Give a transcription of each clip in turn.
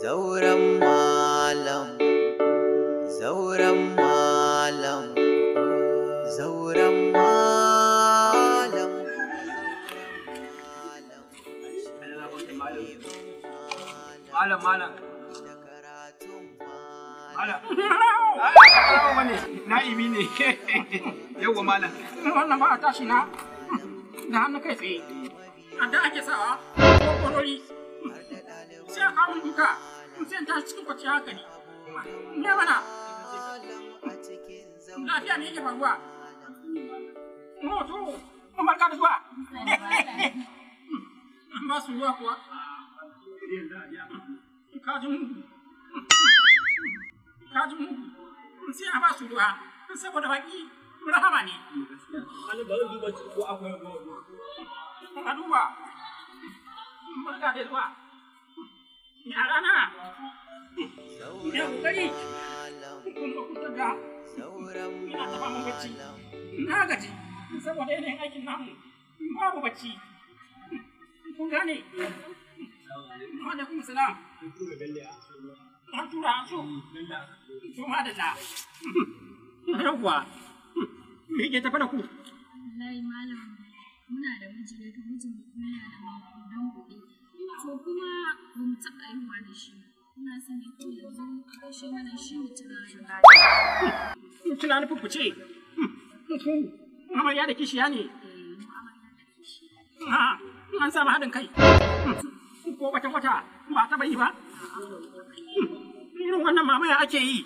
Zauran malam zauran malam zauran malam malam malam malam mutum ta cikin kwace haka ne ne mana lafiya ne yake faruwa mutu umar ka zuwa amma su ruwa kuwa kajin ka kajin mugu sai a ba su ruwa saboda baki rahama ne a duba dare kun ba kuka ga ina tafa mun bacci na gaji saboda yanayin aikin namu babu bacci kun gane wa kuma salam an tura an so to ma da ta yawwa me ke tafa da ku wallahi malam muna da miji da mijin kuma yana da mako dan gobe to kuma ba mu taɓa sani ko yanzu Kina nufin ku ce? Hmm, amarya da kishiya ne. Hmm, ah, an samu haɗin kai. Hmm, ko wata wata ba taɓa yi ba. Irin wannan mamaya ake yi.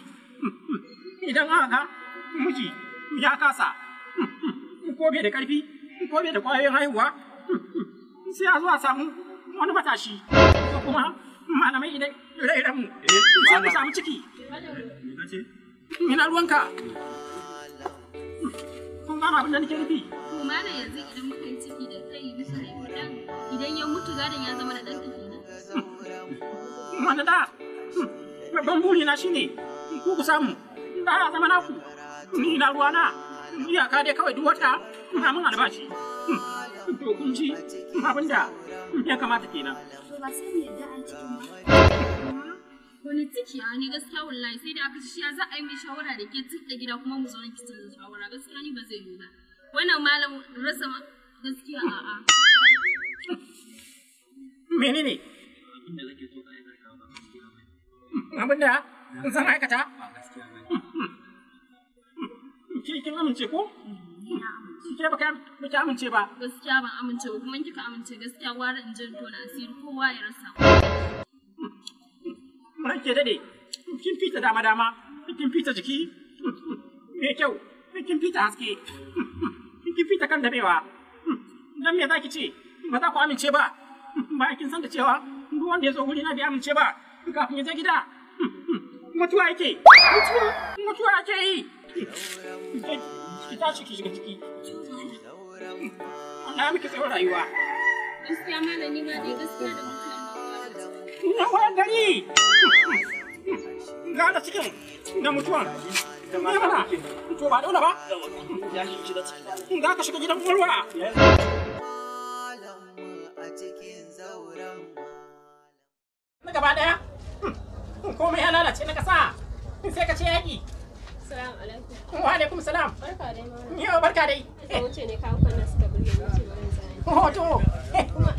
Idan aka ga miji ya kasa. Ko bai da ƙarfi, ko bai da ƙwayoyin haihuwa. Sai a zo a samu wani matashi. Ko kuma malamai idan ire-iren mu eh, sai mu samu ciki ina ruwanka kun gano abin da nake nufi to mana yanzu idan muka yi ciki da kai muka haihu dan idan ya mutu gadon ya zama da dan kake mana da babban buri na shine ku ku samu da zama naku ni na ruwana iyaka dai kawai duk wata na mun albashi To kun ji ya kamata kenan. To ba sai mu yarda a cikin ba. Wani ciki a ne gaskiya wallahi sai da aka ci ya za a yi mai shawara da ke tun gida kuma mu zo ki tun shawara gaskiya ni ba zai yi ba. Wannan malam rasa gaskiya a'a. Menene? Abin da zan aikata? Ba gaskiya Kin amince ko? Mm. Shi ba ka ka amince ba. Gaskiya ban amince ba kuma kika amince gaskiya gwara in jin tona asiri kowa ya rasa. Mun ke dade. Kin fita dama dama, kin fita jiki. Me kyau, kin fita haske. Kin fita kan dabewa. Dan me za ki ce? Ba za ku amince ba. Ba kin san da cewa duk wanda ya zo wuri na bai amince ba. Kafin ya je gida. Mutuwa yake. Mutuwa. tashi ki shiga ciki. Na miki tsawon rayuwa. Gaskiya malami ma dai gaskiya da mutuwa. Na wa gari. Ga da cikin na mutuwan. mana? To ba dole ba? Ya shi da Ga ka shiga gidan warwara. Na gaba daya. Hmm. Komai ya lalace na kasa. Sai ka ce yaƙi. Assalamu alaikum. Wa alaikum salam. Barka dai malam. Yo barka dai. Ka wuce ne ka hukun nan suka burge ni ce bari zani. Oh to.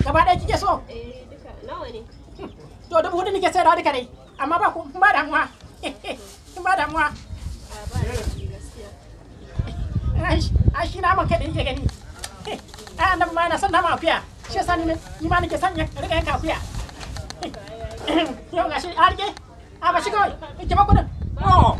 Gaba ɗaya kike so? Eh duka nawa ne? To dubu hudu nake sayarwa duka dai. Amma ba ku ba damuwa. Ba damuwa. A ba gaskiya. Ai shi naman kai da nake gani. Ai annabi ma yana son naman akuya. Shi yasa ni ma nake son ya rika yanka akuya. Yau gashi a rike. A ba shi kawai. Ki ba kudin. Oh.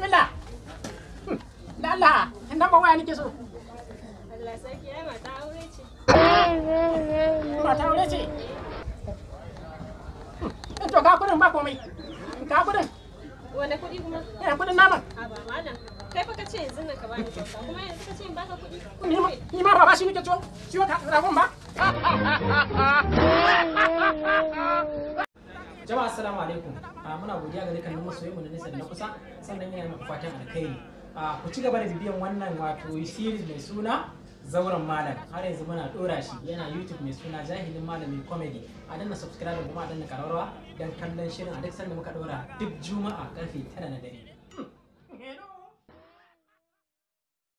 bismillah da Allah inda ba waya nake mata aure ce mata eh, to ka kudin ba komai ka kudin wanda kudi kuma ina eh, kudin naman kai fa kace yanzu nan ka bani kuma yanzu kace in baka kudi ni ma ba shi nake ciwo ciwo ka ragon ba jama'a assalamu alaikum ah, muna godiya ga dukkanin masoyi mu na nisa na kusa sannan yana muku fatan alkhairi ah, ku ci gaba da bibiyan wannan wato series mai suna zauren malam har yanzu muna dora shi yana youtube mai suna jahilin malami comedy a danna subscribe kuma a danna karawarwa don kallon shirin a duk sanda muka dora duk juma'a karfe 9 na dare